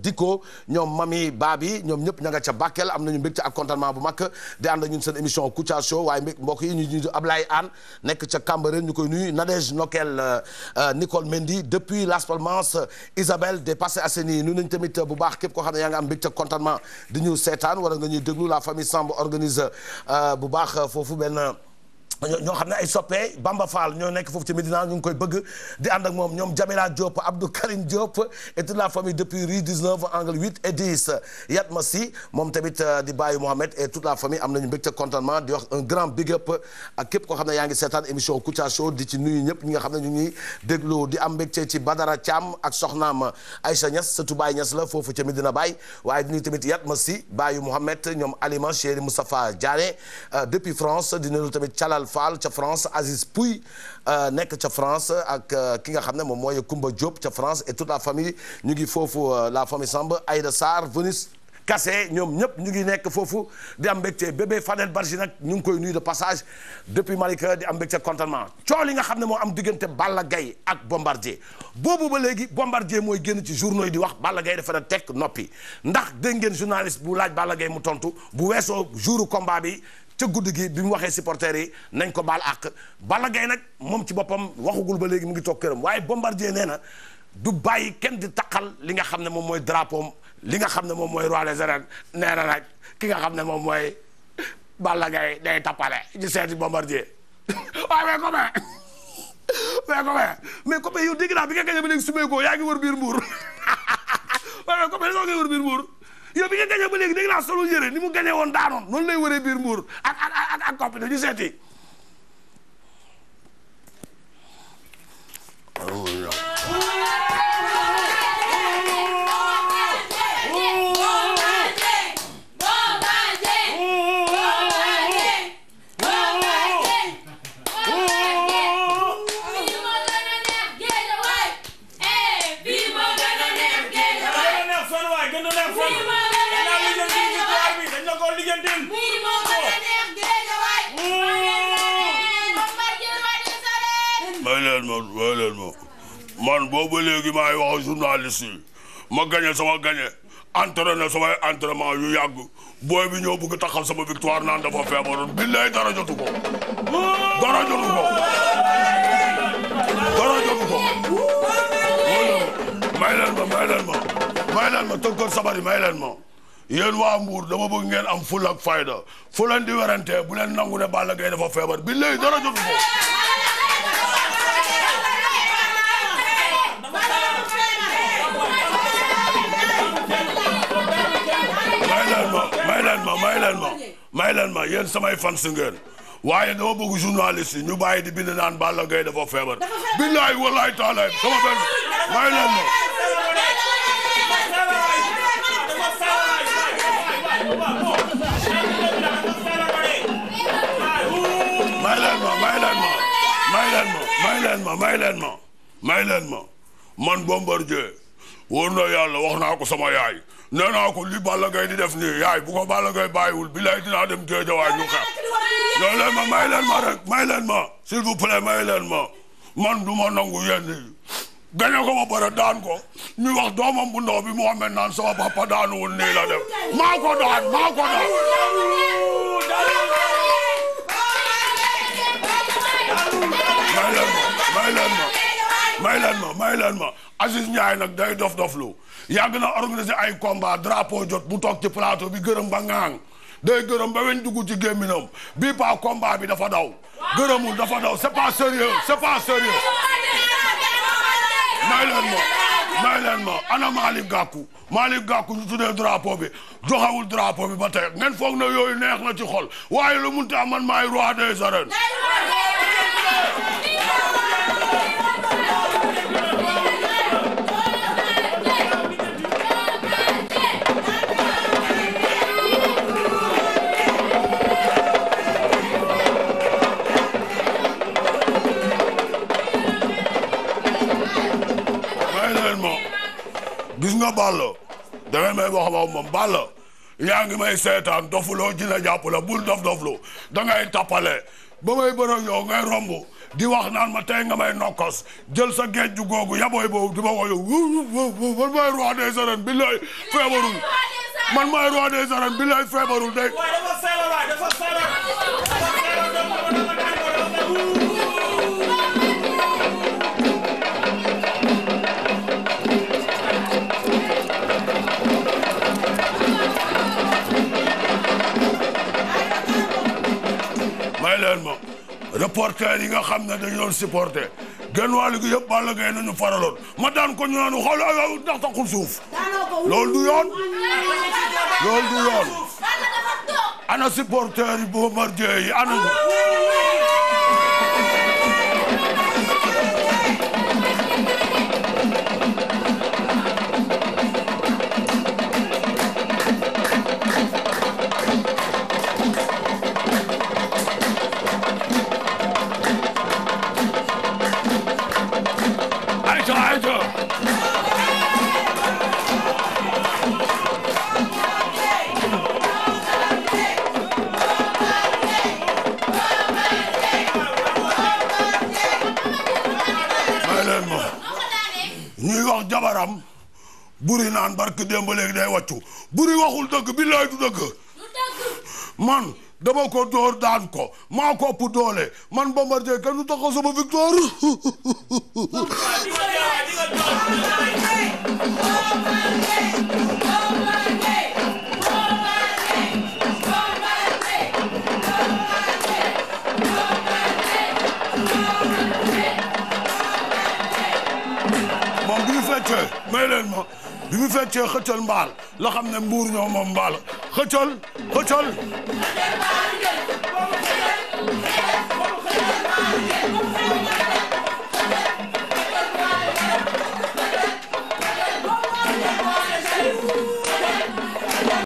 diko ñoom mami baabi ñoom ñëpp ña nga ca Bakel am na nañu mbégte ak contentement bu mag di ànd ñun seen émission Kouthia Show waaye mbokk yi ñu ñu Ablaye Anne nekk ca Cambérène ñu koy nuyu Nadège Nokel euh, euh, Nicole Mendy depuis Las Palmas Isabelle des Parcelles Assainies nu nañ tamit bu baax képp koo xam ne yaa nga am mbégte contentement di ñu seetaan wala nga ñuy déglu la famille Samb organise euh, bu baax foofu benn ñoo xam ne ay soppee Bamba Fall ñoo nekk foofu ci Médina ñu ngi koy bëgg di ànd ak moom ñoom Jamila Diop Abdou Karim Diop et toute la famille depuis rue 19 angle 8 et 10 Yatma moom tamit euh, di Baye Mohamed et toute la famille am nañu mbégte contentement di wax un grand big up ak képp koo xam ne yaa ngi seetaan émission Kouthia Show di ci nuyu ñëpp ñi nga xam ne ñu ngi déglu di am mbégte ci Badara Thiam ak soxnaam Aïcha Niass surtout Baye Niass la foofu ca Médina Baye waaye di nuyu tamit Yatma Si Baye Mohamed ñoom Alima Chéri Moustapha Diané euh, depuis France di nuyu tamit Calal Fall ca France Aziz Pouy euh, nekk ca France ak euh, ki nga xam ne moom mooy Koumba Diop ca France et toute la famille ñu ngi foofu euh, la famille Samb ay Aïda Sarr Venus Kassé ñoom ñëpp ñu ngi nekk foofu di am mbégte bébé Fadel Barji nag ñu ngi koy nuyu de passage depuis Malika di am mbégte contentement coow li nga xam ne moo am diggante Balla gay ak Bombardier boobu ba léegi Bombardier mooy génn ci journaux yi di wax Balla gay dafa na teg noppi ndax dégg ngeen journaliste bu laaj Balla Gaye mu tontu bu weesoo jouru combat bi ca guddi gi bi mu waxee supporters yi nañ ko baal àq Balla Gaye nag moom ci boppam waxugul ba léegi mu ngi toog këram waaye Bombardier nee na du bàyyi kenn di taqal li nga xam ne moom mooy drapeau li nga xam ne moom mooy roi des arènes nee na nag ki nga xam ne moom mooy Balla Gaye day tappale ci seeti Bombardier waaye mais comme mais comme mais comme yow dégg naa bi nga gañe ba léegi sumee ko yaa ngi wër biir mbuur waaye mais comme yow ngi wër biir mbuur yow bi nga gañee ba léegi dégg naa solo yére ni mu gañee woon daanoon noonu lay wëree biir mbuur ak ak ak ak koppi ñu seeti Everyone. leen ma way man boobu léegi maa wax journaliste yi ma gañe sama gañe entraîné samay entraînement yu yàgg booy bi ñoo bëgg taxaw sama victoire naan dafa feebaroon billaay dara jotu ko dara jotu ko dara jotu ma may leen ma ma tëgkat sabari may leen ma yéen waa bëgg ngeen am ful ak fayda fu di werante bu leen nangu ne Balla Gaye feebar billaay dara jotu leen ma may leen ma may leen ma yéen samay fan waaye dama bëgg journaliste yi ñu bàyyi di bind naan Balla Gaye dafa feebar billaay wallaay taalaay sama benn may leen ma may leen ma may leen ma may leen ma may leen ma may leen ma may leen ma man Bombardier wóor na yàlla wax naa ko sama yaay nee naa ko li Balla Gaye di def nii yaay bu ko Balla Gaye bàyyiwul bilay dinaa dem géejawaay ñu xeex yow leen ma may ma rek may ma s'il vous plaît may leen ma man nangu yenn yi gañe ko ba pare daan ko ñu wax doomam bu ndaw bi mu amee naan sama papa daanuwul nii la def maa ko daan maa ko daan may ma may ma may ma may ma Aziz Ndiaye nag day dof doflu yàgg na organiser ay combat drapeau jot bu toog ci plateau bi gërëm ba day gërëm ba weñ dugg ci gémminam bii pas bi dafa daw gërëmul dafa daw c'est pas sérieux c'est pas leen ma may leen ma ana Malick Gakou Malick Gakou ñu tuddee drapeau bi joxawul drapeau bi ba tey ngeen foog na yooyu neex na ci xol waaye lu munti aman maay roi des arènes na Balla damay may wax wax moom Balla yaa ngi may seetaan dofuloo dina jàpp la bul dof dofloo da ngay tappale ba may bëre yow ngay romb di wax naan ma tey nga may nokkos jël sa géej ju googu yabooy boobu di ma woyo man maay roi des arènes bi lay feebarul man maay roi des arènes bi lay feebarul day leen ma reporter yi nga xam ne dañu doon supporter genn wàll gi yëpp Balla Gaye nañu faraloon ma daan ko ñu naan xool ay ndax taxul suuf loolu du yoon loolu du yoon ana supporter yi Bombardier yi ana Seite! may leen ma ñuy wax jabaram buri naan barke démb léegi day wàccu buri waxul dëgg billaay du dëgg man dama ko dóor daan ko maa ko ëpp doole man Bombardier kenn du taxaw sama victoire moom bi ñu feccee may leen ma bi ñu feccee xëccal mbaal la xam ne mbuur ñoo moom mbaal xëccal xëccal